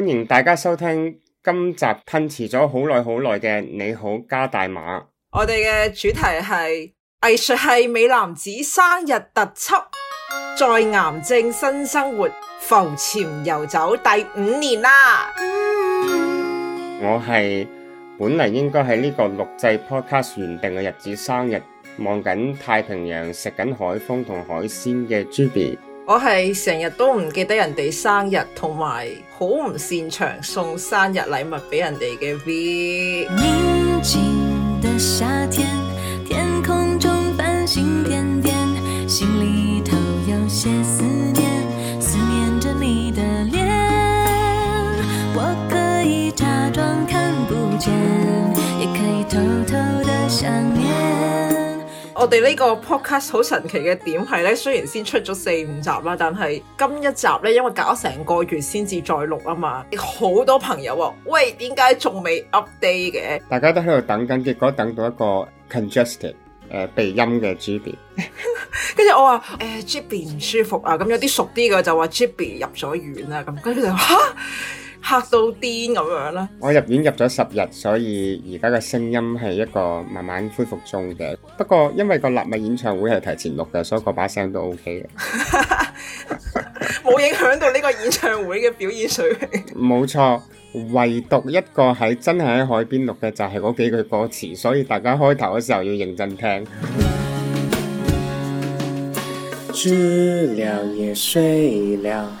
歡迎大家收聽今集推遲咗好耐好耐嘅你好加大碼。我哋嘅主題係藝術系美男子生日特輯，在癌症新生活浮潛游走第五年啦。 我係本嚟，應該喺呢個錄製 podcast 原定嘅日子生日，望緊太平洋食緊海風同海鮮嘅 Giby。我係成日都唔記得人哋生日，同埋好唔擅長送生日禮物俾人哋嘅 V。寧靜的夏天，天空中繁星點點，心裏頭有些思念，思念着你的臉。我可以假裝看不見，也可以偷偷地想念。我哋呢個 podcast 好神奇嘅點係呢？雖然先出咗四五集啦，但係今一集呢，因為搞咗成個月先至再錄啊嘛，好多朋友話：，喂，點解仲未 update 嘅？大家都喺度等緊，結果等到一個 congested 誒、呃、鼻音嘅 Giby 跟住我話誒 Giby 唔舒服啊，咁有啲熟啲嘅就話 Giby 入咗院啦、啊，咁跟住就話。嚇到癲咁樣啦！我入院入咗十日，所以而家嘅聲音係一個慢慢恢復中嘅。不過因為個立物演唱會係提前錄嘅，所以個把聲都 OK 嘅，冇影響到呢個演唱會嘅表演水平。冇錯，唯獨一個喺真係喺海邊錄嘅，就係嗰幾句歌詞，所以大家開頭嘅時候要認真聽。知了也睡了。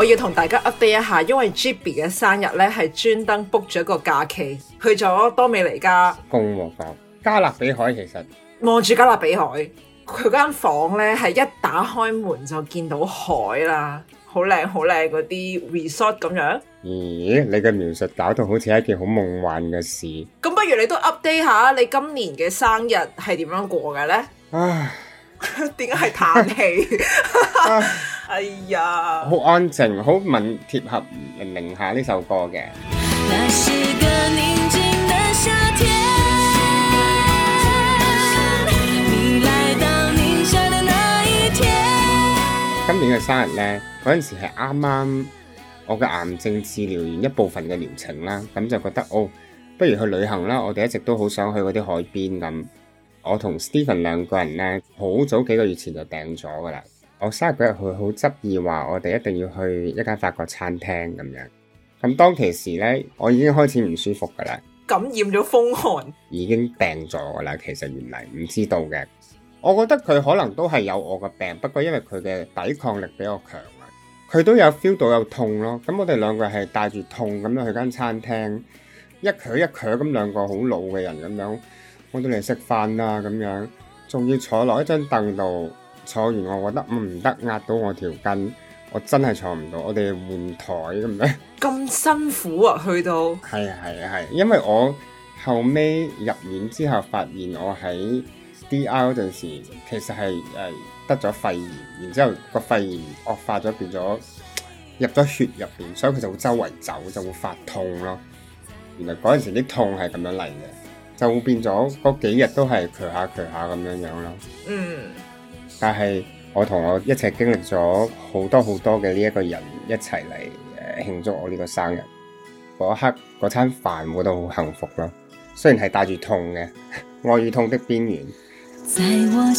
我要同大家 update 一下，因為 Giby 嘅生日呢係專登 book 咗一個假期，去咗多米尼加共和國，加勒比海其實望住加勒比海，佢間房呢係一打開門就見到海啦，好靚好靚嗰啲 resort 咁樣。咦？你嘅描述搞到好似一件好夢幻嘅事。咁不如你都 update 下，你今年嘅生日係點樣過嘅呢？唉。點解係嘆氣？哎呀，好安靜，好吻貼合寧夏呢首歌嘅。今年嘅生日呢，嗰陣時係啱啱我嘅癌症治療完一部分嘅療程啦，咁就覺得哦，不如去旅行啦！我哋一直都好想去嗰啲海邊咁。我同 Stephen 兩個人咧，好早幾個月前就訂咗噶啦。我生日嗰日佢好執意話，我哋一定要去一間法國餐廳咁樣。咁當其時咧，我已經開始唔舒服噶啦，感染咗風寒，已經病咗啦。其實原來唔知道嘅。我覺得佢可能都係有我嘅病，不過因為佢嘅抵抗力比較強啊，佢都有 feel 到有痛咯。咁我哋兩個人係帶住痛咁樣去間餐廳，一瘸一瘸咁兩個好老嘅人咁樣。我哋嚟食飯啦，咁樣仲要坐落一張凳度坐完，我覺得唔得壓到我條筋，我真係坐唔到，我哋換台咁樣。咁辛苦啊，去到係啊係啊係，因為我後尾入院之後，發現我喺 D.R. 嗰陣時，其實係誒得咗肺炎，然之後個肺炎惡化咗，變咗入咗血入邊，所以佢就會周圍走，就會發痛咯。原來嗰陣時啲痛係咁樣嚟嘅。就會變咗嗰幾日都係強下強下咁樣樣咯。嗯，但係我同我一齊經歷咗好多好多嘅呢一個人一齊嚟，欸，慶祝我呢個生日嗰刻嗰餐飯，我都好幸福咯。雖然係帶住痛嘅，愛與痛的邊緣。我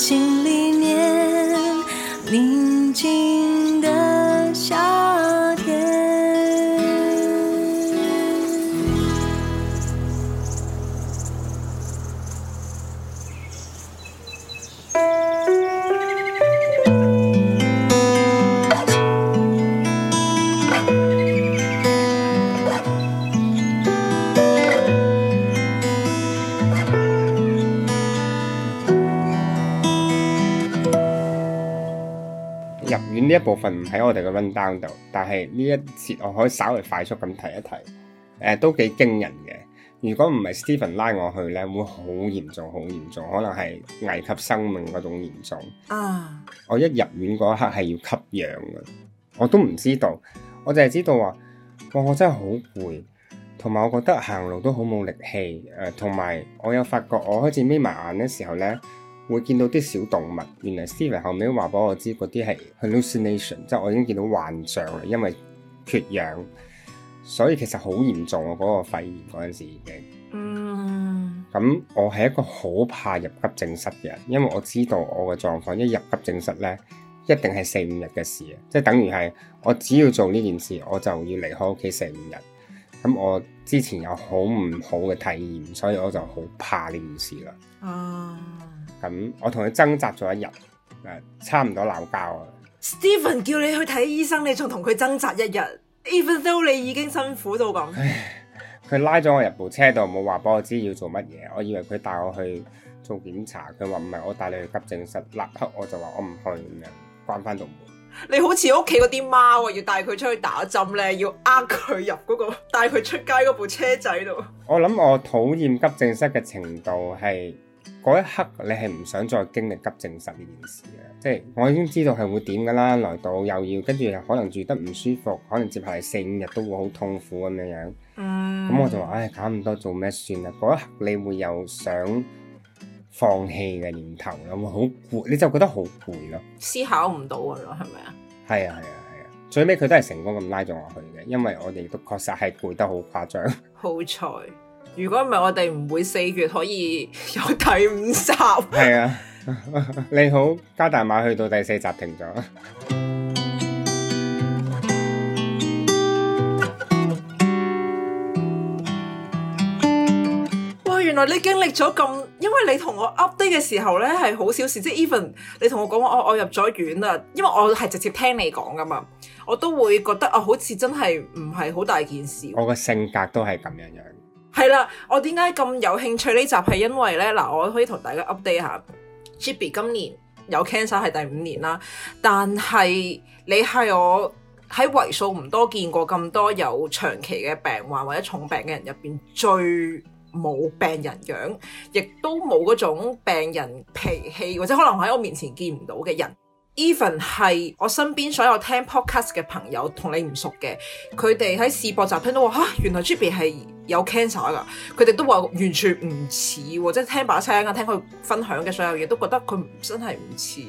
一部分唔喺我哋嘅 window 度，但係呢一節我可以稍為快速咁提一提，誒、呃，都幾驚人嘅。如果唔係 Steven 拉我去呢會好嚴重，好嚴重，可能係危及生命嗰種嚴重啊！Oh. 我一入院嗰一刻係要吸氧嘅，我都唔知道，我淨係知道話，哇，我真係好攰，同埋我覺得行路都好冇力氣，誒、呃，同埋我有發覺我開始眯埋眼嘅時候呢。會見到啲小動物，原來思維後尾都話俾我知嗰啲係 hallucination，即係我已經見到幻象啦，因為缺氧，所以其實好嚴重我嗰、那個肺炎嗰陣時已經，嗯、mm，咁、hmm. 我係一個好怕入急症室嘅人，因為我知道我嘅狀況一入急症室呢，一定係四五日嘅事啊！即、就、係、是、等於係我只要做呢件事，我就要離開屋企四五日。咁我之前有好唔好嘅體驗，所以我就好怕呢件事啦。啊、mm！Hmm. 咁我同佢掙扎咗一日，誒，差唔多鬧交啊。Stephen 叫你去睇醫生，你仲同佢掙扎一日，even though 你已經辛苦到咁。佢拉咗我入部車度，冇話幫我知要做乜嘢。我以為佢帶我去做檢查，佢話唔係，我帶你去急症室。立刻我就話我唔去，關翻度門。你好似屋企嗰啲貓啊，要帶佢出去打針咧，要呃佢入嗰個帶佢出街嗰部車仔度。我諗我討厭急症室嘅程度係。嗰一刻你係唔想再經歷急症室呢件事嘅，即係我已經知道係會點㗎啦。來到又要跟住可能住得唔舒服，可能接下嚟四五日都會好痛苦咁樣樣。嗯，咁我就話：唉，搞咁多做咩？算啦。嗰一刻你會有想放棄嘅念頭咯，會好攰，你就覺得好攰咯。思考唔到嘅咯，係咪啊？係啊係啊係啊！最尾佢都係成功咁拉咗我去嘅，因為我哋都確實係攰得好誇張。好彩。如果唔係我哋唔會四月可以有第五集 。係是啊， 你好加大碼去到第四集停咗。哇， 原來你經歷咗咁，因為你同我 update 嘅時候呢係好小事，即係 even 你同我講話我我入咗院啦，因為我係直接聽你講㗎嘛，我都會覺得啊、哦、好似真係唔係好大件事。我個性格都係咁樣樣。係啦，我點解咁有興趣呢集係因為咧嗱，我可以同大家 update 下 Giby 今年有 cancer 係第五年啦，但係你係我喺為數唔多見過咁多有長期嘅病患或者重病嘅人入邊最冇病人樣，亦都冇嗰種病人脾氣，或者可能喺我，我面前見唔到嘅人。Even 係我身邊所有聽 podcast 嘅朋友同你唔熟嘅，佢哋喺試播集聽到話，嚇、啊、原來 Giby 係……」有 cancer 噶，佢哋都話完全唔似喎，即係聽把聲啊，聽佢分享嘅所有嘢，都覺得佢真係唔似。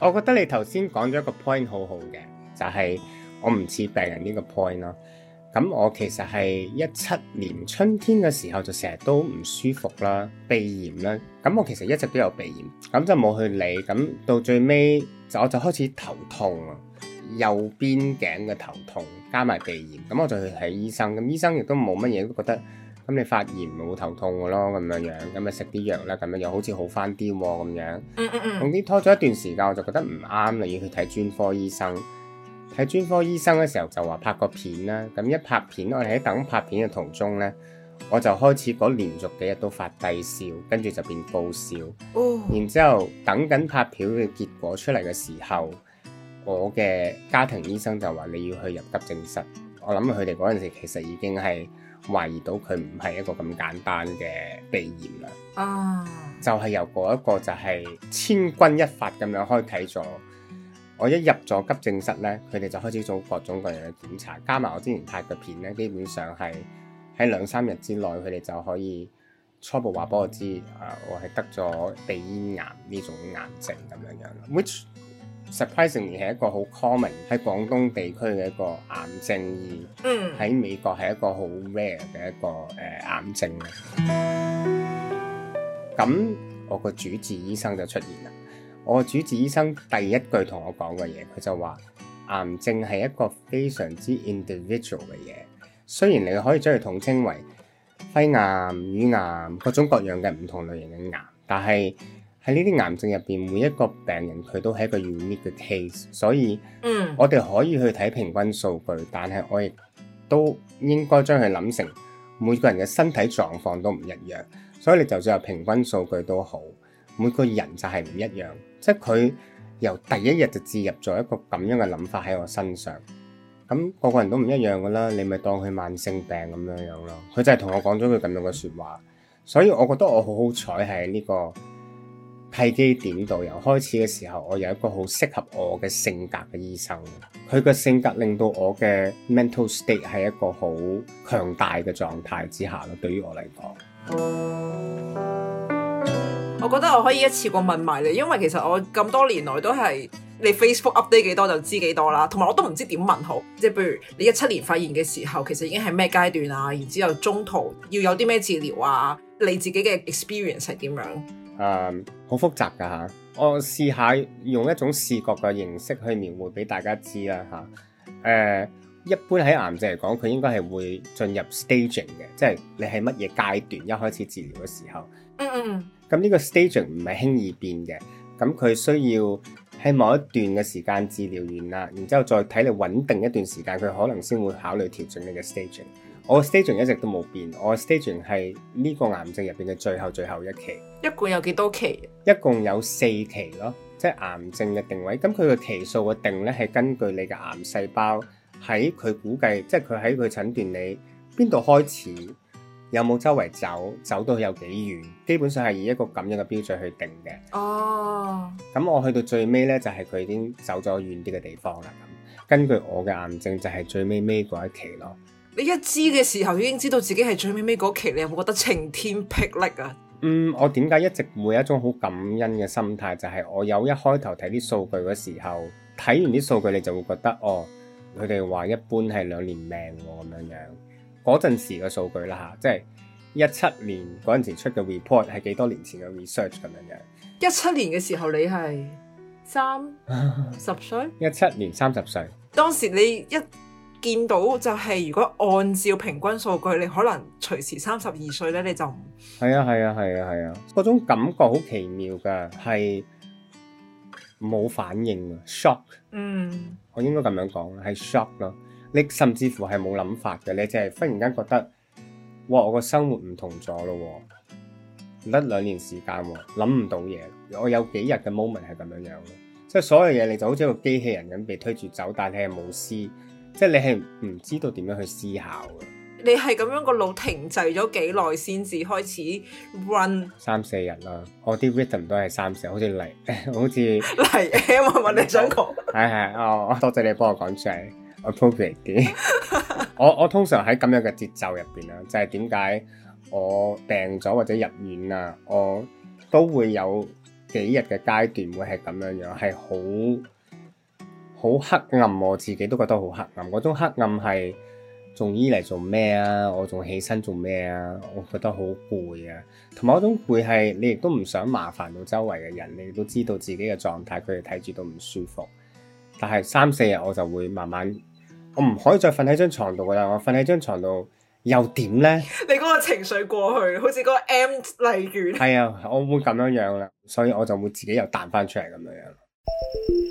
我覺得你頭先講咗一個 point 好好嘅，就係我唔似病人呢個 point 咯。咁我其實係一七年春天嘅時候就成日都唔舒服啦，鼻炎啦。咁我其實一直都有鼻炎，咁就冇去理。咁到最尾就我就開始頭痛啊，右邊頸嘅頭痛。加埋鼻炎，咁我就去睇醫生。咁醫生亦都冇乜嘢，都覺得咁你發炎冇頭痛嘅咯，咁樣樣，咁咪食啲藥啦。咁樣又好似好翻啲喎，咁樣。嗯嗯嗯。總之拖咗一段時間，我就覺得唔啱，就要去睇專科醫生。睇專科醫生嘅時候就話拍個片啦。咁一拍片，我哋喺等拍片嘅途中咧，我就開始嗰連續幾日都發低燒，跟住就變高燒。嗯、然之後等緊拍片嘅結果出嚟嘅時候。我嘅家庭醫生就話你要去入急症室，我諗佢哋嗰陣時其實已經係懷疑到佢唔係一個咁簡單嘅鼻炎啦。啊，就係由嗰一個就係千鈞一髮咁樣開啟咗。我一入咗急症室呢，佢哋就開始做各種各樣嘅檢查，加埋我之前拍嘅片呢，基本上係喺兩三日之內，佢哋就可以初步話畀我知啊，我係得咗鼻咽癌呢種癌症咁樣樣。Which Surprisingly，係一個好 common 喺廣東地區嘅一個癌症，喺、mm. 美國係一個好 rare 嘅一個誒、呃、癌症。咁我個主治醫生就出現啦。我個主治醫生第一句同我講嘅嘢，佢就話：癌症係一個非常之 individual 嘅嘢。雖然你可以將佢統稱為肺癌、乳癌各種各樣嘅唔同類型嘅癌，但係喺呢啲癌症入邊，每一個病人佢都係一個 unique case，所以，嗯，我哋可以去睇平均數據，但係我亦都應該將佢諗成每個人嘅身體狀況都唔一樣，所以你就算有平均數據都好，每個人就係唔一樣，即係佢由第一日就置入咗一個咁樣嘅諗法喺我身上，咁個個人都唔一樣噶啦，你咪當佢慢性病咁樣樣咯，佢就係同我講咗句咁樣嘅說話，所以我覺得我好好彩喺呢個。批機點導由開始嘅時候，我有一個好適合我嘅性格嘅醫生，佢嘅性格令到我嘅 mental state 係一個好強大嘅狀態之下咯。對於我嚟講，我覺得我可以一次過問埋你，因為其實我咁多年來都係你 Facebook update 幾多就知幾多啦，同埋我都唔知點問好。即係譬如你一七年發現嘅時候，其實已經係咩階段啊？然之後中途要有啲咩治療啊？你自己嘅 experience 係點樣？誒。Um, 好複雜噶嚇，我試下用一種視覺嘅形式去描繪俾大家知啦嚇。誒、啊，一般喺癌症嚟講，佢應該係會進入 staging 嘅，即係你係乜嘢階段。一開始治療嘅時候，嗯嗯，咁呢個 staging 唔係輕易變嘅，咁佢需要喺某一段嘅時間治療完啦，然之後再睇你穩定一段時間，佢可能先會考慮調整你嘅 staging。我 staging 一直都冇變，我 staging 係呢個癌症入邊嘅最後最後一期。一共有幾多期？一共有四期咯，即係癌症嘅定位。咁佢嘅期數嘅定呢，係根據你嘅癌細胞喺佢估計，即係佢喺佢診斷你邊度開始，有冇周圍走，走到去有幾遠，基本上係以一個咁樣嘅標準去定嘅。哦。咁我去到最尾呢，就係、是、佢已經走咗遠啲嘅地方啦。咁根據我嘅癌症就係最尾尾嗰一期咯。你一知嘅時候已經知道自己係最尾尾嗰期，你有冇覺得晴天霹靂啊？嗯，我點解一直會有一種好感恩嘅心態，就係、是、我有一開頭睇啲數據嘅時候，睇完啲數據你就會覺得哦，佢哋話一般係兩年命喎、啊、咁樣樣。嗰陣時嘅數據啦吓，即係一七年嗰陣時出嘅 report 係幾多年前嘅 research 咁樣樣。一七年嘅時候你係三十歲，一七 年三十歲，當時你一。見到就係，如果按照平均數據，你可能隨時三十二歲咧，你就唔係啊，係啊，係啊，係啊，嗰種感覺好奇妙㗎，係冇反應啊，shock，嗯，我應該咁樣講係 shock 咯。你甚至乎係冇諗法嘅，你就係忽然間覺得哇，我個生活唔同咗咯，得兩年時間喎，諗唔到嘢。我有幾日嘅 moment 係咁樣樣，即係所有嘢你就好似個機器人咁被推住走，但係你係冇思。即係你係唔知道點樣去思考嘅。你係咁樣個腦停滯咗幾耐先至開始 run 三四日啦，我啲 rhythm 都係三四，好似嚟，好似嚟， 因為我想講，係係 哦，多謝你幫我講出嚟 appropriate 啲，我我通常喺咁樣嘅節奏入邊啊，就係點解我病咗或者入院啊，我都會有幾日嘅階段會係咁樣樣，係好。好黑暗，我自己都覺得好黑暗。嗰種黑暗係，仲醫嚟做咩啊？我仲起身做咩啊？我覺得好攰啊。同埋嗰種攰係，你亦都唔想麻煩到周圍嘅人，你都知道自己嘅狀態，佢哋睇住都唔舒服。但係三四日我就會慢慢，我唔可以再瞓喺張床度㗎喇。我瞓喺張床度又點呢？你嗰個情緒過去，好似嗰個 M 例如，係 啊，我會咁樣樣啦，所以我就會自己又彈返出嚟咁樣樣。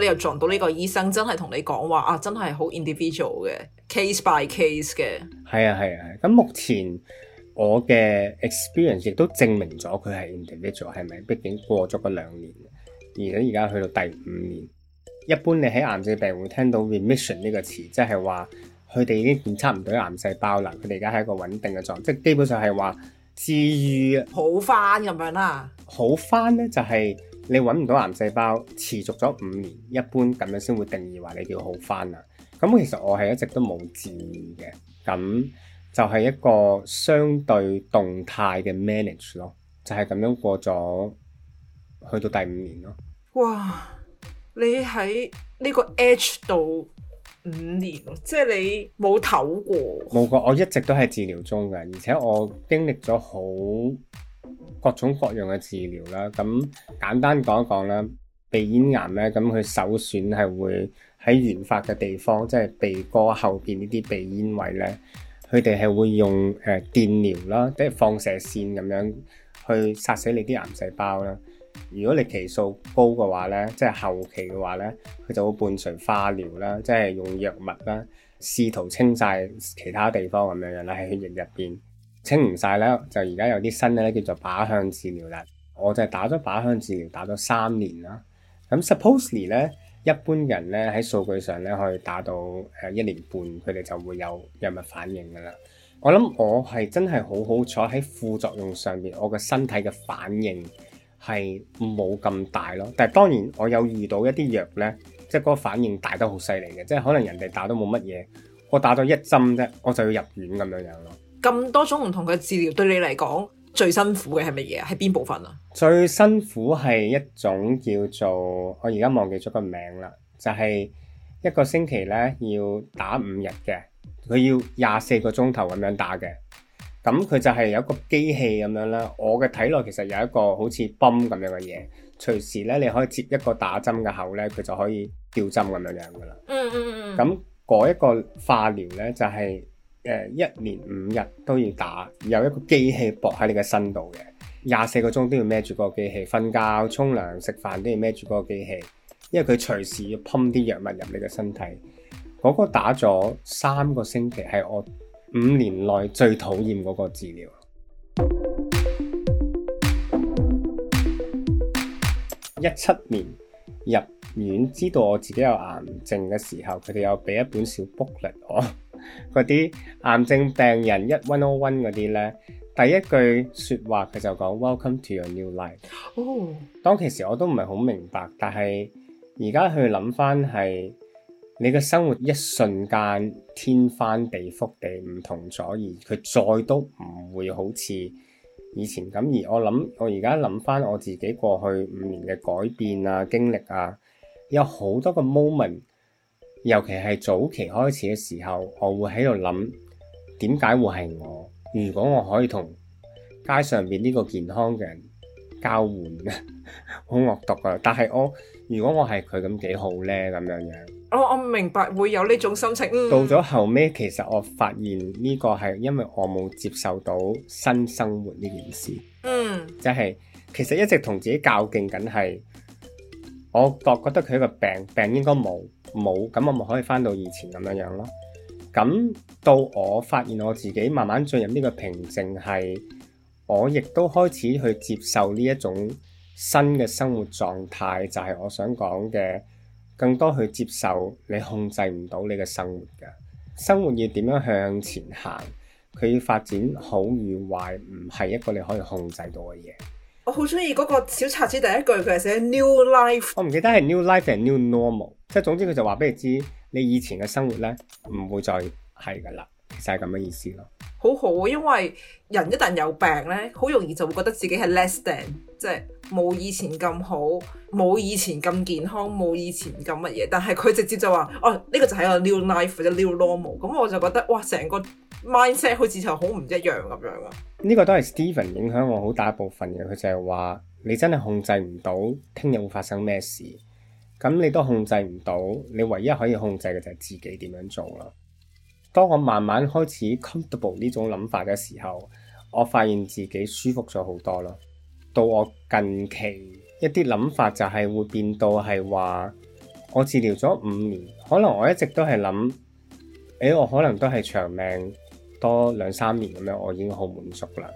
你又撞到呢個醫生，真係同你講話啊！真係好 individual 嘅 case by case 嘅。係啊，係啊，咁目前我嘅 experience 亦都證明咗佢係 individual，係咪？畢竟過咗個兩年，而且而家去到第五年。一般你喺癌症病會聽到 remission 呢個詞，即係話佢哋已經檢測唔到癌細胞啦，佢哋而家係一個穩定嘅狀態，即基本上係話治愈好翻咁樣啦、啊。好翻咧，就係、是。你揾唔到癌細胞持續咗五年，一般咁樣先會定義話你叫好返喇。咁其實我係一直都冇治癒嘅，咁就係一個相對動態嘅 manage 咯，就係、是、咁樣過咗去到第五年咯。哇！你喺呢個 edge 度五年，即係你冇唞過，冇過，我一直都係治療中嘅，而且我經歷咗好。各種各樣嘅治療啦，咁簡單講一講啦。鼻咽癌咧，咁佢首選係會喺原發嘅地方，即係鼻哥後邊呢啲鼻咽位咧，佢哋係會用誒電療啦，即係放射線咁樣去殺死你啲癌細胞啦。如果你期數高嘅話咧，即係後期嘅話咧，佢就會伴隨化療啦，即係用藥物啦，試圖清晒其他地方咁樣啦喺血液入邊，清唔晒咧，就而家有啲新嘅咧，叫做靶向治療啦。我就係打咗靶向治療，打咗三年啦。咁 supposedly 咧，一般人咧喺數據上咧可以打到誒一年半，佢哋就會有藥物反應噶啦。我諗我係真係好好彩喺副作用上邊，我嘅身體嘅反應係冇咁大咯。但係當然我有遇到一啲藥咧，即係嗰個反應大得好犀利嘅，即係可能人哋打都冇乜嘢，我打咗一針啫，我就要入院咁樣樣咯。咁多種唔同嘅治療對你嚟講最辛苦嘅係乜嘢啊？係邊部分啊？最辛苦係一種叫做我而家忘記咗個名啦，就係一個星期咧要打五日嘅，佢要廿四個鐘頭咁樣打嘅。咁佢就係有一個機器咁樣啦，我嘅體內其實有一個好似泵咁樣嘅嘢，隨時咧你可以接一個打針嘅口咧，佢就可以吊針咁樣樣噶啦。嗯嗯嗯咁嗰一個化療咧就係。誒，一、uh, 年五日都要打，有一個機器駁喺你嘅身度嘅，廿四個鐘都要孭住個機器，瞓覺、沖涼、食飯都要孭住個機器，因為佢隨時要噴啲藥物入你嘅身體。嗰個打咗三個星期，係我五年內最討厭嗰個治療。一七年入院知道我自己有癌症嘅時候，佢哋有俾一本小 book 嚟我。嗰啲癌症病人一 one on one 嗰啲咧，第一句說話佢就講 Welcome to your new life。哦，oh. 當其時我都唔係好明白，但係而家去諗翻係你嘅生活一瞬間天翻地覆地唔同咗，而佢再都唔會好似以前咁。而我諗我而家諗翻我自己過去五年嘅改變啊經歷啊，有好多個 moment。尤其係早期開始嘅時候，我會喺度諗，點解會係我？如果我可以同街上邊呢個健康嘅人交換咧，好惡毒啊！但係我如果我係佢咁幾好咧，咁樣樣。哦，我明白會有呢種心情。到咗後尾，其實我發現呢個係因為我冇接受到新生活呢件事，嗯，即係其實一直同自己較勁緊係，我覺覺得佢個病病應該冇。冇咁，我咪可以翻到以前咁樣樣咯。咁到我發現我自己慢慢進入呢個平靜，係我亦都開始去接受呢一種新嘅生活狀態，就係、是、我想講嘅，更多去接受你控制唔到你嘅生活嘅生活要點樣向前行？佢發展好與壞，唔係一個你可以控制到嘅嘢。我好中意嗰個小冊子第一句，佢係寫 New Life。我唔記得係 New Life and New Normal。即係總之佢就話俾你知，你以前嘅生活咧唔會再係噶啦，其實係咁嘅意思咯。好好，因為人一旦有病咧，好容易就會覺得自己係 less than，即係冇以前咁好，冇以前咁健康，冇以前咁乜嘢。但係佢直接就話哦，呢個就係一個 new life，或者 new normal、嗯。咁我就覺得哇，成個 mindset 好似就好唔一樣咁樣啊。呢個都係 Steven 影響我好大一部分嘅，佢就係話你真係控制唔到聽日會發生咩事。咁你都控制唔到，你唯一可以控制嘅就係自己點樣做咯。當我慢慢開始 comfortable 呢種諗法嘅時候，我發現自己舒服咗好多咯。到我近期一啲諗法就係會變到係話，我治療咗五年，可能我一直都係諗，誒、哎，我可能都係長命多兩三年咁樣，我已經好滿足啦。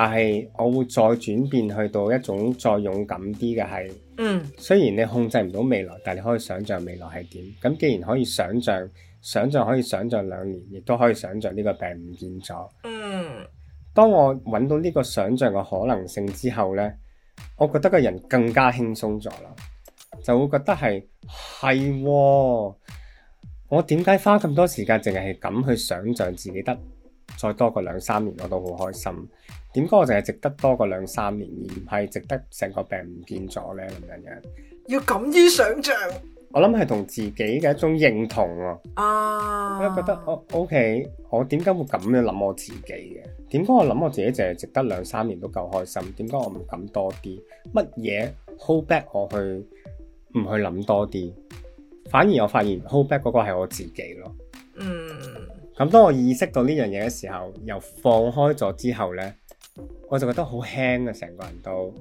但係，我會再轉變去到一種再勇敢啲嘅係，雖然你控制唔到未來，但係你可以想像未來係點。咁既然可以想像，想像可以想像兩年，亦都可以想像呢個病唔見咗。嗯，當我揾到呢個想像嘅可能性之後呢，我覺得個人更加輕鬆咗啦，就會覺得係係、哦，我點解花咁多時間淨係係咁去想像自己得再多個兩三年我都好開心。點解我淨係值得多過兩三年，而唔係值得成個病唔見咗咧？咁樣樣要敢於想象，我諗係同自己嘅一種認同啊！Uh、我覺得我 OK，我點解會咁樣諗我自己嘅？點解我諗我自己淨係值得兩三年都夠開心？點解我唔敢多啲乜嘢 hold back 我去唔去諗多啲？反而我發現 hold back 嗰個係我自己咯。嗯，咁當我意識到呢樣嘢嘅時候，又放開咗之後咧。我就覺得好輕啊，成個人都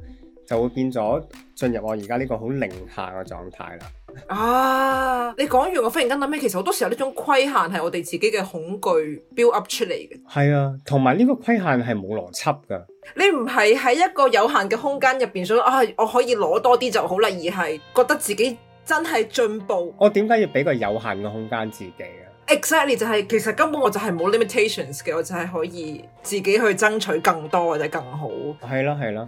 就會變咗進入我而家呢個好零下嘅狀態啦。啊！你講完我忽然間諗起，其實好多時候呢種規限係我哋自己嘅恐懼 build up 出嚟嘅。係啊，同埋呢個規限係冇邏輯㗎。你唔係喺一個有限嘅空間入邊想啊，我可以攞多啲就好啦，而係覺得自己真係進步。我點解要俾個有限嘅空間自己啊？Exactly，就係其實根本我就係冇 limitations 嘅，我就係可以自己去爭取更多或者更好。係咯，係咯。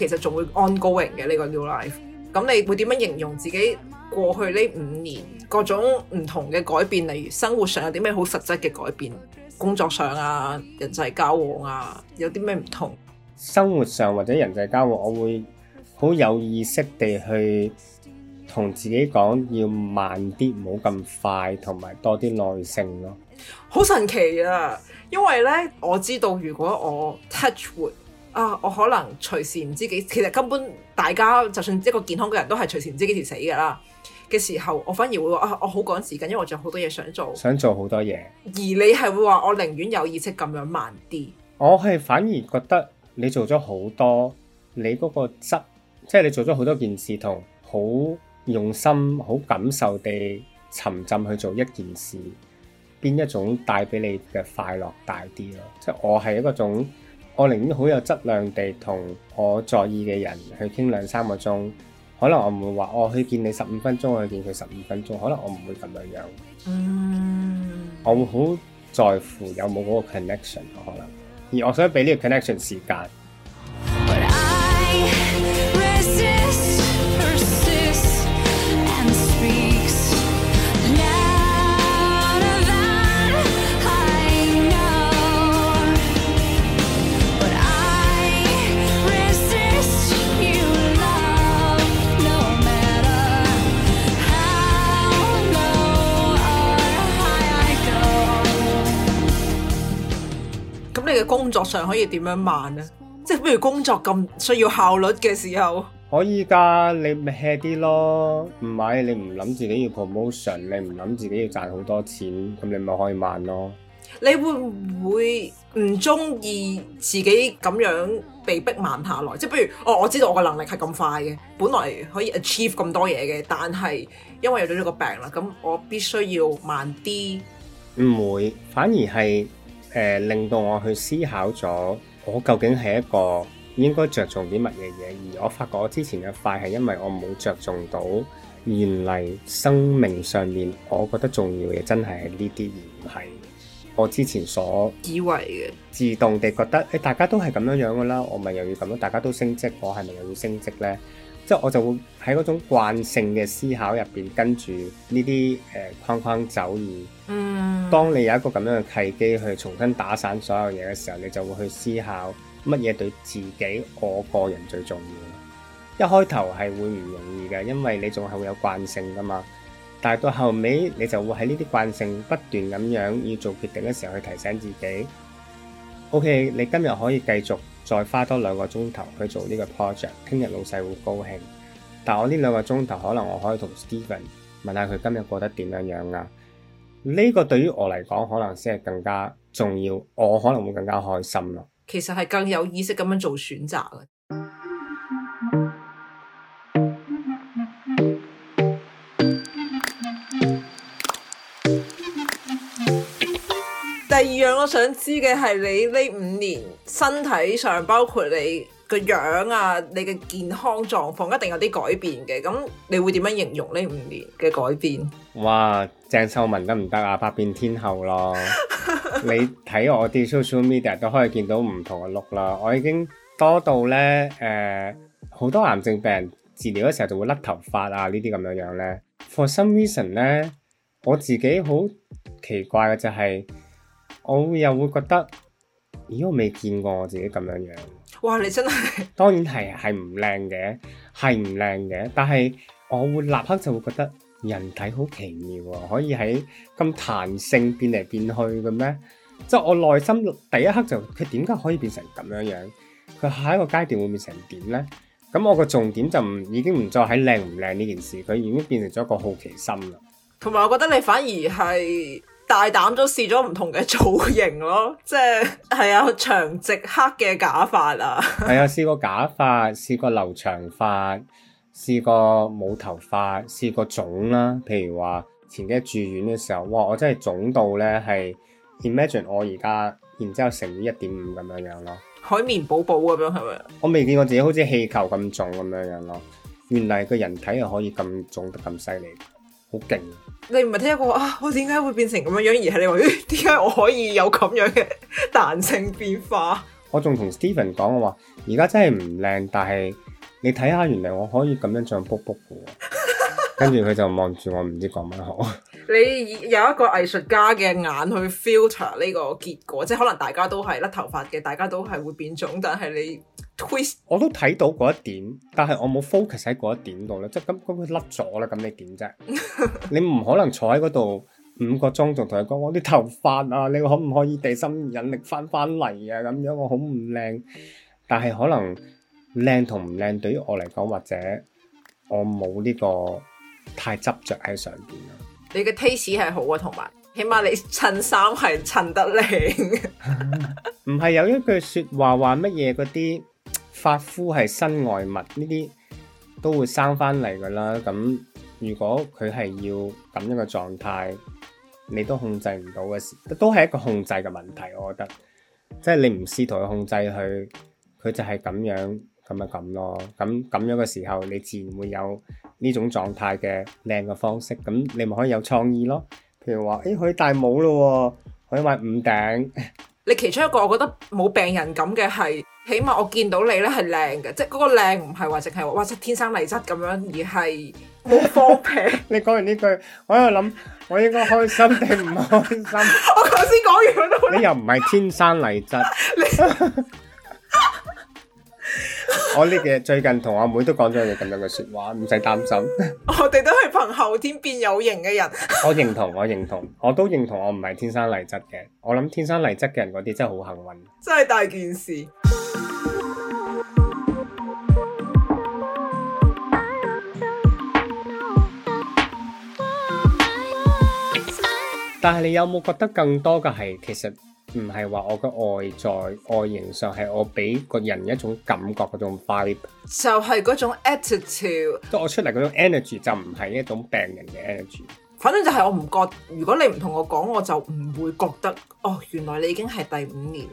其實仲會 ongoing 嘅呢、這個 new life，咁、嗯、你會點樣形容自己過去呢五年各種唔同嘅改變？例如生活上有啲咩好實質嘅改變，工作上啊，人際交往啊，有啲咩唔同？生活上或者人際交往，我會好有意識地去同自己講要慢啲，唔好咁快，同埋多啲耐性咯。好神奇啊！因為呢，我知道如果我 touch wood。啊！我可能隨時唔知幾時，其實根本大家就算一個健康嘅人都係隨時唔知幾時死㗎喇。嘅時候，我反而會話啊，我好趕時間，因為我仲有好多嘢想做，想做好多嘢。而你係會話我寧願有意識咁樣慢啲。我係反而覺得你做咗好多，你嗰個質，即係你做咗好多件事同好用心、好感受地沉浸去做一件事，邊一種帶俾你嘅快樂大啲咯？即係我係一個種。我寧願好有質量地同我在意嘅人去傾兩三個鐘，可能我唔會話我、哦、去見你十五分鐘，我去見佢十五分鐘，可能我唔會咁樣樣。嗯，我會好在乎有冇嗰個 connection 可能，而我想俾呢個 connection 時間。工作上可以點樣慢啊？即係比如工作咁需要效率嘅時候，可以噶，你咪 hea 啲咯。唔係你唔諗自己要 promotion，你唔諗自己要賺好多錢，咁你咪可以慢咯。你會唔會唔中意自己咁樣被逼慢下來？即係比如哦，我知道我嘅能力係咁快嘅，本來可以 achieve 咁多嘢嘅，但係因為有咗呢個病啦，咁我必須要慢啲。唔會，反而係。誒、嗯、令到我去思考咗，我究竟係一個應該着重啲乜嘢嘢？而我發覺我之前嘅快係因為我冇着重到原嚟生命上面，我覺得重要嘅嘢真係係呢啲，而唔係我之前所以為嘅。自動地覺得誒、欸，大家都係咁樣樣噶啦，我咪又要咁樣？大家都升職，我係咪又要升職呢？即我就會喺嗰種慣性嘅思考入邊，跟住呢啲誒框框走而。嗯。當你有一個咁樣嘅契機去重新打散所有嘢嘅時候，你就會去思考乜嘢對自己我個人最重要。一開頭係會唔容易嘅，因為你仲係會有慣性噶嘛。但係到後尾你就會喺呢啲慣性不斷咁樣要做決定嘅時候去提醒自己。OK，你今日可以繼續。再花多兩個鐘頭去做呢個 project，聽日老細會高興。但我呢兩個鐘頭，可能我可以同 Stephen 問下佢今日過得點樣樣啊？呢個對於我嚟講，可能先係更加重要。我可能會更加開心咯。其實係更有意識咁樣做選擇。第二樣我想知嘅係你呢五年身體上，包括你個樣啊，你嘅健康狀況一定有啲改變嘅。咁你會點樣形容呢五年嘅改變？哇！鄭秀文得唔得啊？百變天后咯， 你睇我啲 social media 都可以見到唔同嘅 look 啦。我已經多到咧，誒、呃、好多癌症病人治療嘅時候就會甩頭髮啊，這這呢啲咁樣樣咧。For some reason 咧，我自己好奇怪嘅就係、是。我又會覺得，咦？我未見過我自己咁樣樣。哇！你真係，當然係啊，係唔靚嘅，係唔靚嘅。但係我會立刻就會覺得，人體好奇妙啊，可以喺咁彈性變嚟變去嘅咩？即係我內心第一刻就，佢點解可以變成咁樣樣？佢下一個階段會變成點呢？咁我個重點就唔已經唔再喺靚唔靚呢件事，佢已經變成咗一個好奇心啦。同埋，我覺得你反而係。大膽咗試咗唔同嘅造型咯，即係係啊長直黑嘅假髮啊，係啊試過假髮，試過留長髮，試過冇頭髮，試過腫啦。譬如話前幾日住院嘅時候，哇！我真係腫到咧係 imagine 我而家，然之後乘以一點五咁樣樣咯。海綿寶寶咁樣係咪？我未見過自己好似氣球咁腫咁樣樣咯。原來個人體又可以咁腫得咁犀利，好勁！你唔係聽一個啊？我點解會變成咁樣樣？而係你話點解我可以有咁樣嘅彈性變化？我仲同 Stephen 講我話，而家真係唔靚，但係你睇下，原來我可以咁樣漲卜卜嘅。跟住佢就望住我，唔知講乜好。你有一個藝術家嘅眼去 filter 呢個結果，即係可能大家都係甩頭髮嘅，大家都係會變腫，但係你。我都睇到嗰一點，但係我冇 focus 喺嗰一點度咧。即係咁，咁佢甩咗咧，咁你點啫？ 你唔可能坐喺嗰度五個鐘，仲同佢講我啲頭髮啊，你可唔可以地心引力翻翻嚟啊？咁樣我好唔靚，但係可能靚同唔靚對於我嚟講，或者我冇呢個太執着喺上邊。你嘅 taste 係好啊，同埋起碼你襯衫係襯得靚。唔 係 有一句説話話乜嘢嗰啲？髮膚係身外物，呢啲都會生翻嚟噶啦。咁如果佢係要咁樣嘅狀態，你都控制唔到嘅時，都係一個控制嘅問題。我覺得，即係你唔試圖去控制佢，佢就係咁樣咁啊咁咯。咁咁樣嘅時候，你自然會有呢種狀態嘅靚嘅方式。咁你咪可以有創意咯。譬如話，誒可以戴帽咯，可以買五頂。你其中一個我覺得冇病人感嘅係。起碼我見到你咧係靚嘅，即係嗰個靚唔係話淨係哇，即係天生麗質咁樣，而係冇放平。 你講完呢句，我喺度諗，我應該開心定唔開心？ 我頭先講完我都你又唔係天生麗質。我呢嘅最近同阿妹都講咗你咁樣嘅說話，唔使擔心。 我哋都係憑後天變有型嘅人。 我認同，我認同，我都認同我，我唔係天生麗質嘅。我諗天生麗質嘅人嗰啲真係好幸運，真係大件事。但係你有冇覺得更多嘅係，其實唔係話我嘅外在外形上係我俾個人一種感覺嗰種 vibe，就係嗰種 attitude，即我出嚟嗰種 energy 就唔係一種病人嘅 energy。反正就係我唔覺，如果你唔同我講，我就唔會覺得哦，原來你已經係第五年，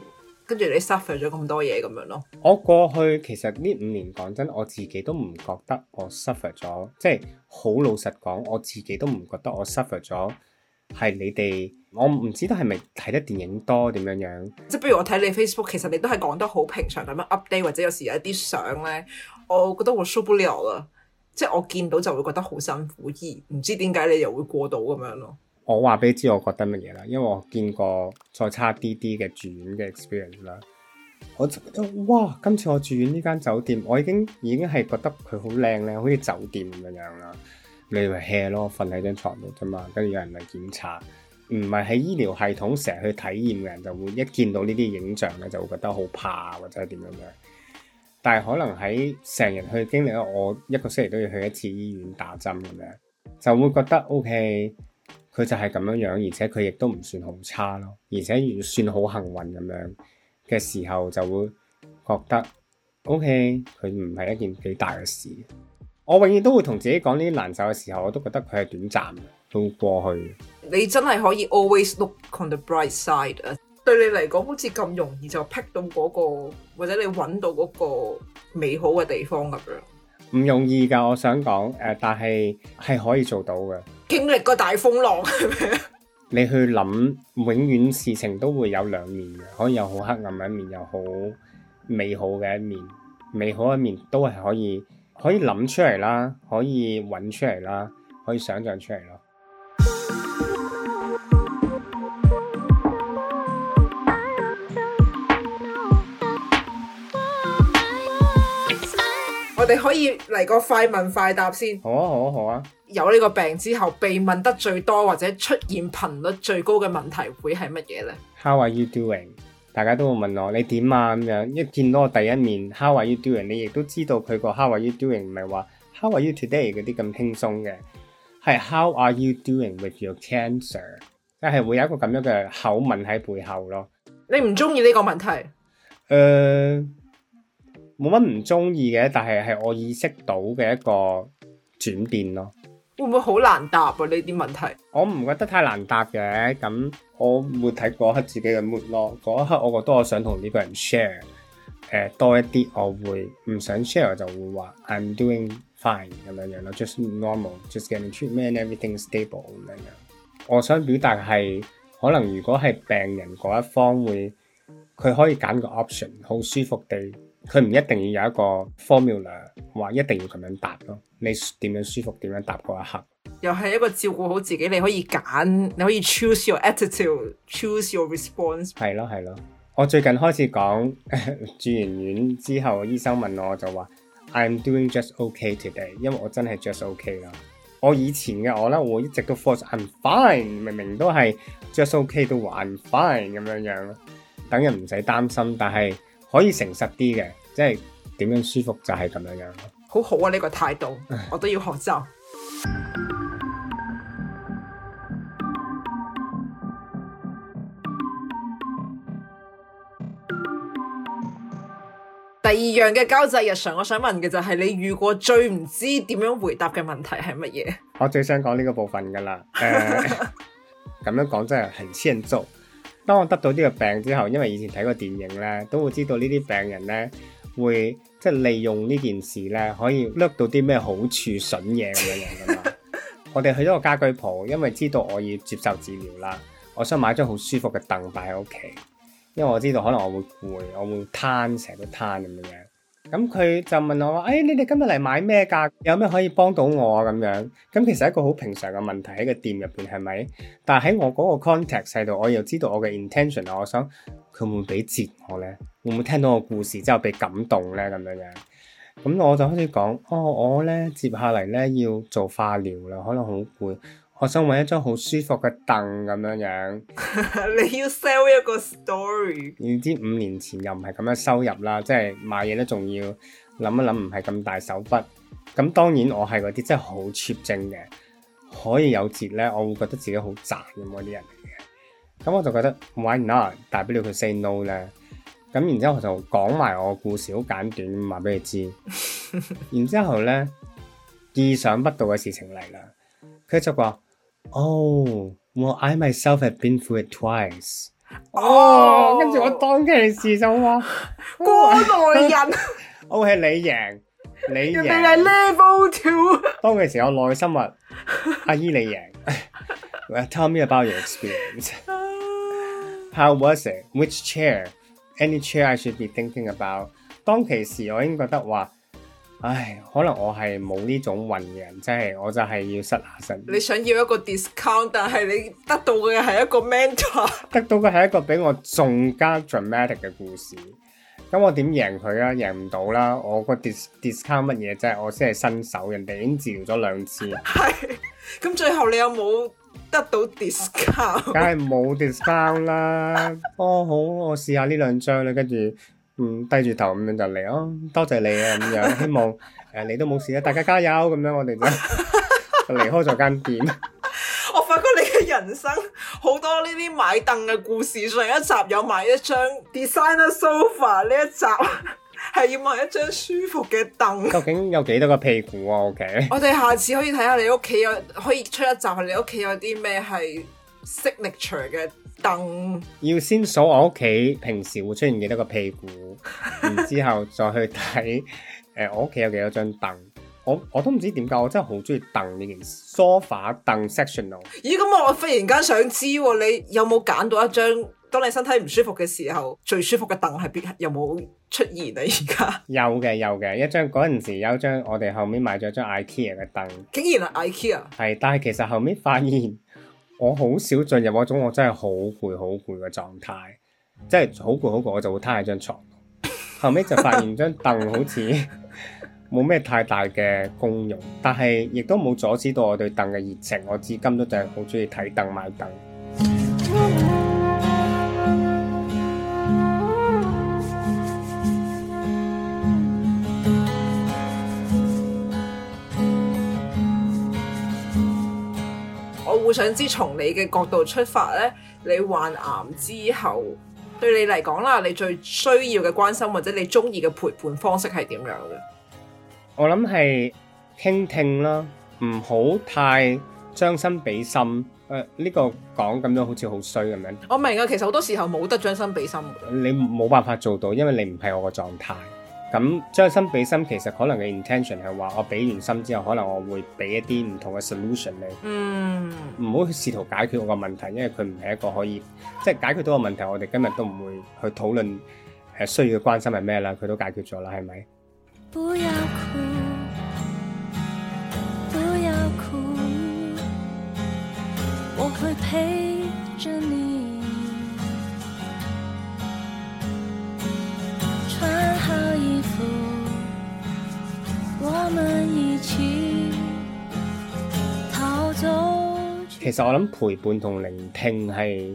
跟住你 suffer 咗咁多嘢咁樣咯。我過去其實呢五年講真，我自己都唔覺得我 suffer 咗，即係好老實講，我自己都唔覺得我 suffer 咗。係你哋，我唔知道係咪睇得電影多點樣樣？即係譬如我睇你 Facebook，其實你都係講得好平常咁樣 update，或者有時有一啲相咧，我覺得我受不了啦。即係我見到就會覺得好辛苦，而唔知點解你又會過到咁樣咯。我話俾你知，我覺得乜嘢啦，因為我見過再差啲啲嘅住院嘅 experience 啦，我就覺得哇，今次我住院呢間酒店，我已經已經係覺得佢好靚咧，好似酒店咁樣樣啦。你咪 hea 咯，瞓喺張床度啫嘛，跟住有人嚟檢查，唔係喺醫療系統成日去體驗嘅人就會一見到呢啲影像咧就會覺得好怕或者點樣樣。但係可能喺成日去經歷，我一個星期都要去一次醫院打針咁樣，就會覺得 OK，佢就係咁樣樣，而且佢亦都唔算好差咯，而且算好幸運咁樣嘅時候就會覺得 OK，佢唔係一件幾大嘅事。我永遠都會同自己講，呢啲難受嘅時候，我都覺得佢係短暫嘅，會過去。你真係可以 always look on the bright side 啊。對你嚟講，好似咁容易就 pick 到嗰個，或者你揾到嗰個美好嘅地方咁樣。唔容易噶，我想講誒，但係係可以做到嘅。經歷個大風浪，你去諗，永遠事情都會有兩面嘅，可以有好黑暗嘅一面，又好美好嘅一面。美好嘅一面都係可以，可以諗出嚟啦，可以揾出嚟啦，可以想象出嚟咯。我哋可以嚟個快問快答先。好啊，好啊，好啊。有呢個病之後，被問得最多或者出現頻率最高嘅問題會係乜嘢呢？How are you doing? 大家都會問我，你點啊，咁樣一見到我第一面 How are you doing？你亦都知道佢個 How are you doing 唔係話 How are you today 嗰啲咁輕鬆嘅，係 How are you doing with your cancer？即係會有一個咁樣嘅口吻喺背後咯。你唔中意呢個問題？誒、呃，冇乜唔中意嘅，但係係我意識到嘅一個轉變咯。會唔會好難答啊？呢啲問題，我唔覺得太難答嘅。咁我會睇嗰刻自己嘅 mood，咯，嗰一刻我覺得我想同呢個人 share，誒、呃、多一啲。我會唔想 share 就會話 I'm doing fine，咁樣樣，我 just normal，just getting treatment and everything stable，咁樣樣。我想表達係，可能如果係病人嗰一方會，佢可以揀個 option，好舒服地。佢唔一定要有一個 formula 話一定要咁樣答咯，你點樣舒服點樣答嗰一刻，又係一個照顧好自己，你可以揀，你可以 choose your attitude，choose your response。係咯係咯，我最近開始講住完院之後，醫生問我就話 I'm doing just okay today，因為我真係 just okay 啦。我以前嘅我咧，我一直都 force I'm fine，明明都係 just okay 都話 I'm fine 咁樣樣咯，等人唔使擔心，但係可以誠實啲嘅。即係點樣舒服就係咁樣樣，好好啊！呢、這個態度 我都要學習。第二樣嘅交際日常，我想問嘅就係你遇過最唔知點樣回答嘅問題係乜嘢？我最想講呢個部分噶啦，誒、 呃，咁樣講真係很欠揍。當我得到呢個病之後，因為以前睇過電影咧，都會知道呢啲病人咧，會即係利用呢件事咧，可以掠到啲咩好處、筍嘢咁樣樣㗎嘛？我哋去咗個家居鋪，因為知道我要接受治療啦，我想買張好舒服嘅凳擺喺屋企，因為我知道可能我會攰，我會攤成日都攤咁樣樣。咁佢就問我話，誒，你哋今日嚟買咩㗎？有咩可以幫到我啊？咁樣。咁其實一個好平常嘅問題喺個店入邊係咪？但喺我嗰個 context 度，我又知道我嘅 intention 啊，我想。佢會唔會俾折我咧？會唔會聽到個故事之後被感動咧？咁樣樣，咁我就開始講：哦，我咧接下嚟咧要做化療啦，可能好攰，我想揾一張好舒服嘅凳咁樣樣。 你要 sell 一個 story，你知五年前又唔係咁樣收入啦，即係買嘢都仲要諗一諗，唔係咁大手筆。咁當然我係嗰啲真係好 cheap 精嘅，可以有折咧，我會覺得自己好賺咁嗰啲人。咁我就覺得 why not，大不了佢 say no 咧，咁然之後我就講埋我故事好簡短，話俾佢知，然之後咧意想不到嘅事情嚟啦，佢就話，oh，我 i myself have been through it twice，哦，跟住我當其時就話，過來人，我係你贏，你贏，人哋係 level two，當其時我內心話，阿姨你贏，tell me about your experience。How was it? Which chair? Any chair I should be thinking about?、Mm hmm. 當其時我已經覺得話，唉，可能我係冇呢種運人，即係我就係要失下身。你想要一個 discount，但係你得到嘅係一個 mentor，得到嘅係一個俾我更加 dramatic 嘅故事。咁我點贏佢啊？贏唔到啦！我個 discount 乜嘢啫？即係我先係新手，人哋已經治療咗兩次啦。係。 咁最後你有冇？得到 discount，梗係冇 discount 啦。 哦，好，我試下呢兩張啦，跟住嗯低住頭咁樣就嚟哦。多謝，謝你啊，咁樣希望誒、呃、你都冇事啦，大家加油咁樣我，我哋就離開咗間店。 我發覺你嘅人生好多呢啲買凳嘅故事，上一集有買一張 designer sofa 呢一集。係要買一張舒服嘅凳。究竟有幾多個屁股啊？屋企？我哋下次可以睇下你屋企有，可以出一集你，你屋企有啲咩係 signature 嘅凳。要先數我屋企平時會出現幾多個屁股，然後之後再去睇誒、 呃，我屋企有幾多張凳？我我都唔知點解，我真係好中意凳呢件 sofa 凳 sectional。咦？咁我我忽然間想知，你有冇揀到一張？當你身體唔舒服嘅時候，最舒服嘅凳係邊？有冇出現啊？而家有嘅，有嘅一張嗰陣時有一張我哋後面買咗張 IKEA 嘅凳，竟然係 IKEA。係，但係其實後尾發現我好少進入嗰種我真係好攰好攰嘅狀態，即係好攰好攰，我就會攤喺張床。後尾就發現張凳好似冇咩太大嘅功用， 但係亦都冇阻止到我對凳嘅熱情。我至今都就係好中意睇凳買凳。嗯我想知從你嘅角度出發咧，你患癌之後對你嚟講啦，你最需要嘅關心或者你中意嘅陪伴方式係點樣嘅？我諗係傾聽啦，唔好太將心比心。誒，呢個講咁樣好似好衰咁樣。我明啊，其實好多時候冇得將心比心。你冇辦法做到，因為你唔係我嘅狀態。咁將心比心，其實可能嘅 intention 係話，我俾完心之後，可能我會俾一啲唔同嘅 solution 你。嗯，唔好試圖解決我個問題，因為佢唔係一個可以即係解決到個問題。我哋今日都唔會去討論呃，需要嘅關心係咩啦，佢都解決咗啦，係咪？其實我諗陪伴同聆聽係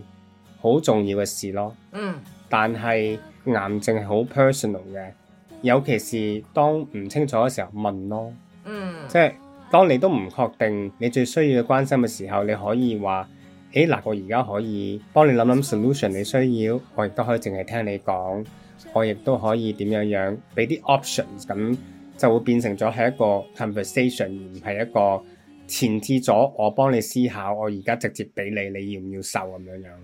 好重要嘅事咯。嗯，但係癌症係好 personal 嘅，尤其是當唔清楚嘅時候問咯。嗯，即係當你都唔確定你最需要嘅關心嘅時候，你可以話：誒、欸，嗱、呃，我而家可以幫你諗諗 solution，你需要我亦都可以淨係聽你講，我亦都可以點樣樣俾啲 options 咁。就會變成咗係一個 conversation，而唔係一個前置咗我幫你思考，我而家直接俾你，你要唔要受咁樣樣嘅。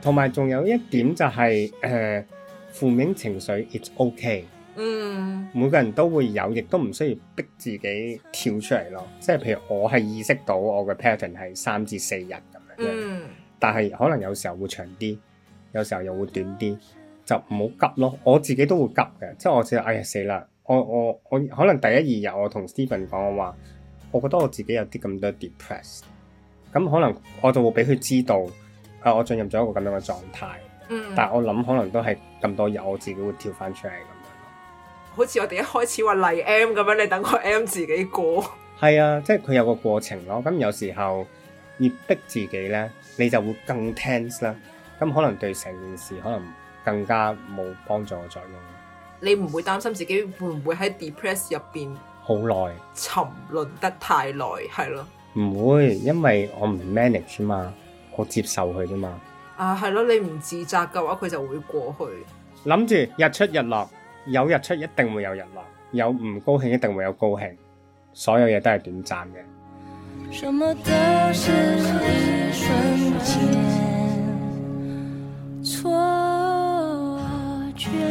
同埋仲有一點就係誒、負面情緒，it's okay。嗯，每個人都會有，亦都唔需要逼自己跳出嚟咯。即係譬如我係意識到我嘅 pattern 係三至四日咁樣，嘅、嗯，但係可能有時候會長啲，有時候又會短啲，就唔好急咯。我自己都會急嘅，即係我自己哎呀死啦！我我我可能第一二日我同 Stephen 講我話，我覺得我自己有啲咁多 depressed，咁可能我就會俾佢知道啊，我進入咗一個咁樣嘅狀態。但但我諗可能都係咁多日，我自己會跳翻出嚟。好似我哋一開始話，例 M 咁樣，你等個 M 自己過。係啊，即係佢有個過程咯。咁有時候要逼自己咧，你就會更 tense 啦。咁可能對成件事可能更加冇幫助嘅作用。你唔會擔心自己會唔會喺 depress 入邊好耐沉淪得太耐？係咯，唔會，因為我唔 manage 嘛，我接受佢啫嘛。啊，係咯，你唔自責嘅話，佢就會過去。諗住日出日落。有日出一定會有日落，有唔高興一定會有高興，所有嘢都係短暫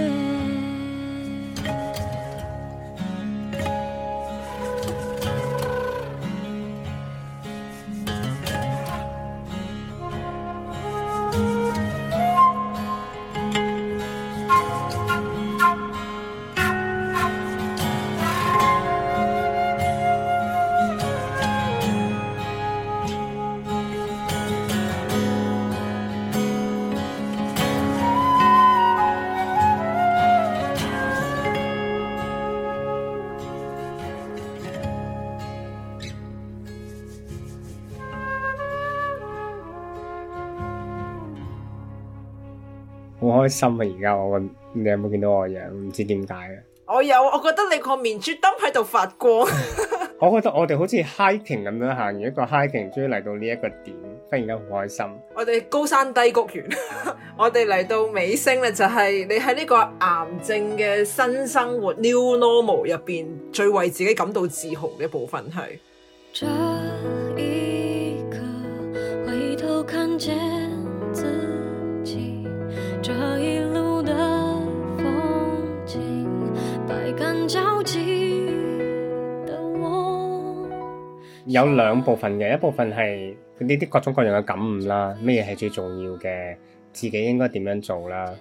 嘅。 開心啊！而家我問你有冇見到我樣？唔知點解嘅。我有，我覺得你個面珠燈喺度發光。 我覺得我哋好似 hiking 咁樣行完一個 hiking，終於嚟到呢一個點，忽然間好開心。我哋高山低谷完， 我哋嚟到尾聲咧，就係、是、你喺呢個癌症嘅新生活 new normal 入邊，最為自己感到自豪嘅部分係。嗯有兩部分嘅，一部分係呢啲各種各樣嘅感悟啦，咩嘢係最重要嘅，自己應該點樣做啦。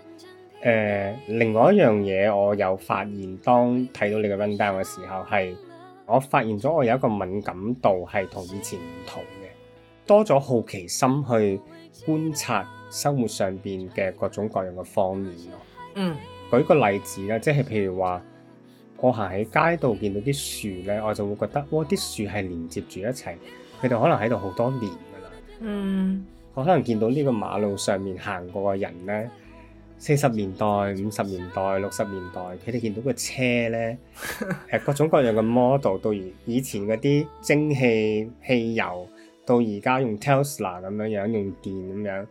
誒、呃，另外一樣嘢，我有發現，當睇到你嘅 rundown 嘅時候，係我發現咗我有一個敏感度係同以前唔同嘅，多咗好奇心去觀察生活上邊嘅各種各樣嘅方面咯。嗯，舉個例子啦，即係譬如話。我行喺街度見到啲樹呢，我就會覺得，哇！啲樹係連接住一齊，佢哋可能喺度好多年噶啦。嗯，我可能見到呢個馬路上面行過嘅人呢，四十年代、五十年代、六十年代，佢哋見到個車呢， 各種各樣嘅 model，到以前嗰啲蒸汽汽油，到而家用 Tesla 咁樣樣用電咁樣。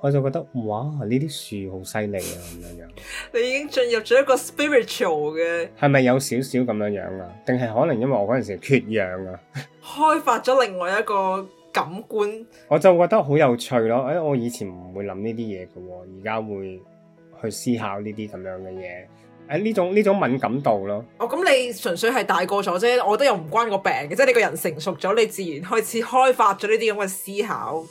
我就覺得哇，呢啲樹好犀利啊！咁樣樣，你已經進入咗一個 spiritual 嘅，係咪有少少咁樣樣啊？定係可能因為我嗰陣時缺氧啊？ 開發咗另外一個感官，我就覺得好有趣咯！誒、哎，我以前唔會諗呢啲嘢嘅，而家會去思考呢啲咁樣嘅嘢。誒、哎，呢種呢種敏感度咯。哦，咁你純粹係大個咗啫，我覺得又唔關個病嘅，即、就、係、是、你個人成熟咗，你自然開始開發咗呢啲咁嘅思考。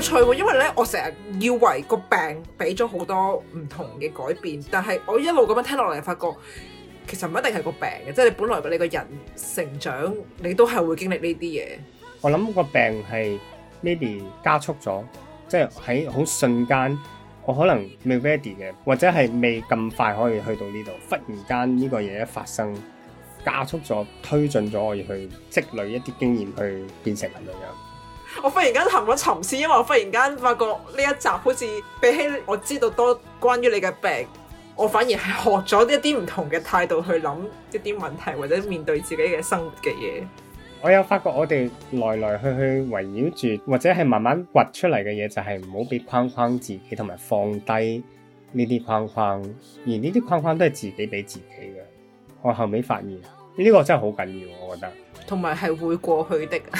趣 因為咧，我成日要為個病俾咗好多唔同嘅改變，但係我一路咁樣聽落嚟，發覺其實唔一定係個病嘅，即係你本來你個人成長，你都係會經歷呢啲嘢。我諗個病係 maybe 加速咗，即係喺好瞬間，我可能未 ready 嘅，或者係未咁快可以去到呢度，忽然間呢個嘢一發生，加速咗、推進咗，我要去積累一啲經驗去變成咁樣。我忽然間陷咗沉思，因為我忽然間發覺呢一集好似比起我知道多關於你嘅病，我反而係學咗一啲唔同嘅態度去諗一啲問題，或者面對自己嘅生活嘅嘢。我有發覺我哋來來去去圍繞住或者係慢慢掘出嚟嘅嘢，就係唔好俾框框自己，同埋放低呢啲框框。而呢啲框框都係自己俾自己嘅。我後尾發現呢、這個真係好緊要，我覺得同埋係會過去的。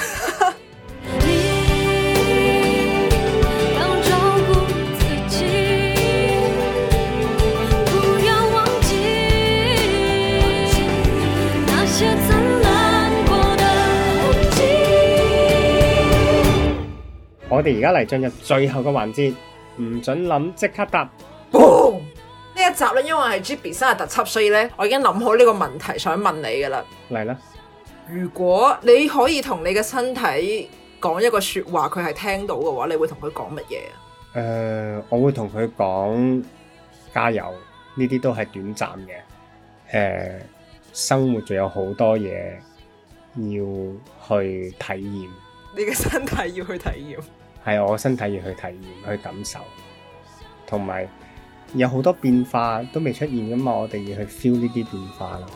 我哋而家嚟，進入最後個環節，唔准諗，即刻答。呢 B、um! 一集咧，因為係 Giby 生日特輯，所以咧，我已經諗好呢個問題想問你噶啦。嚟啦！如果你可以同你嘅身體講一個說話，佢係聽到嘅話，你會同佢講乜嘢啊？誒、呃，我會同佢講加油。呢啲都係短暫嘅。誒、呃，生活仲有好多嘢要去體驗。你嘅身體要去體驗。係我身體要去體驗、去感受，同埋有好多變化都未出現㗎嘛，我哋要去 feel 呢啲變化咯。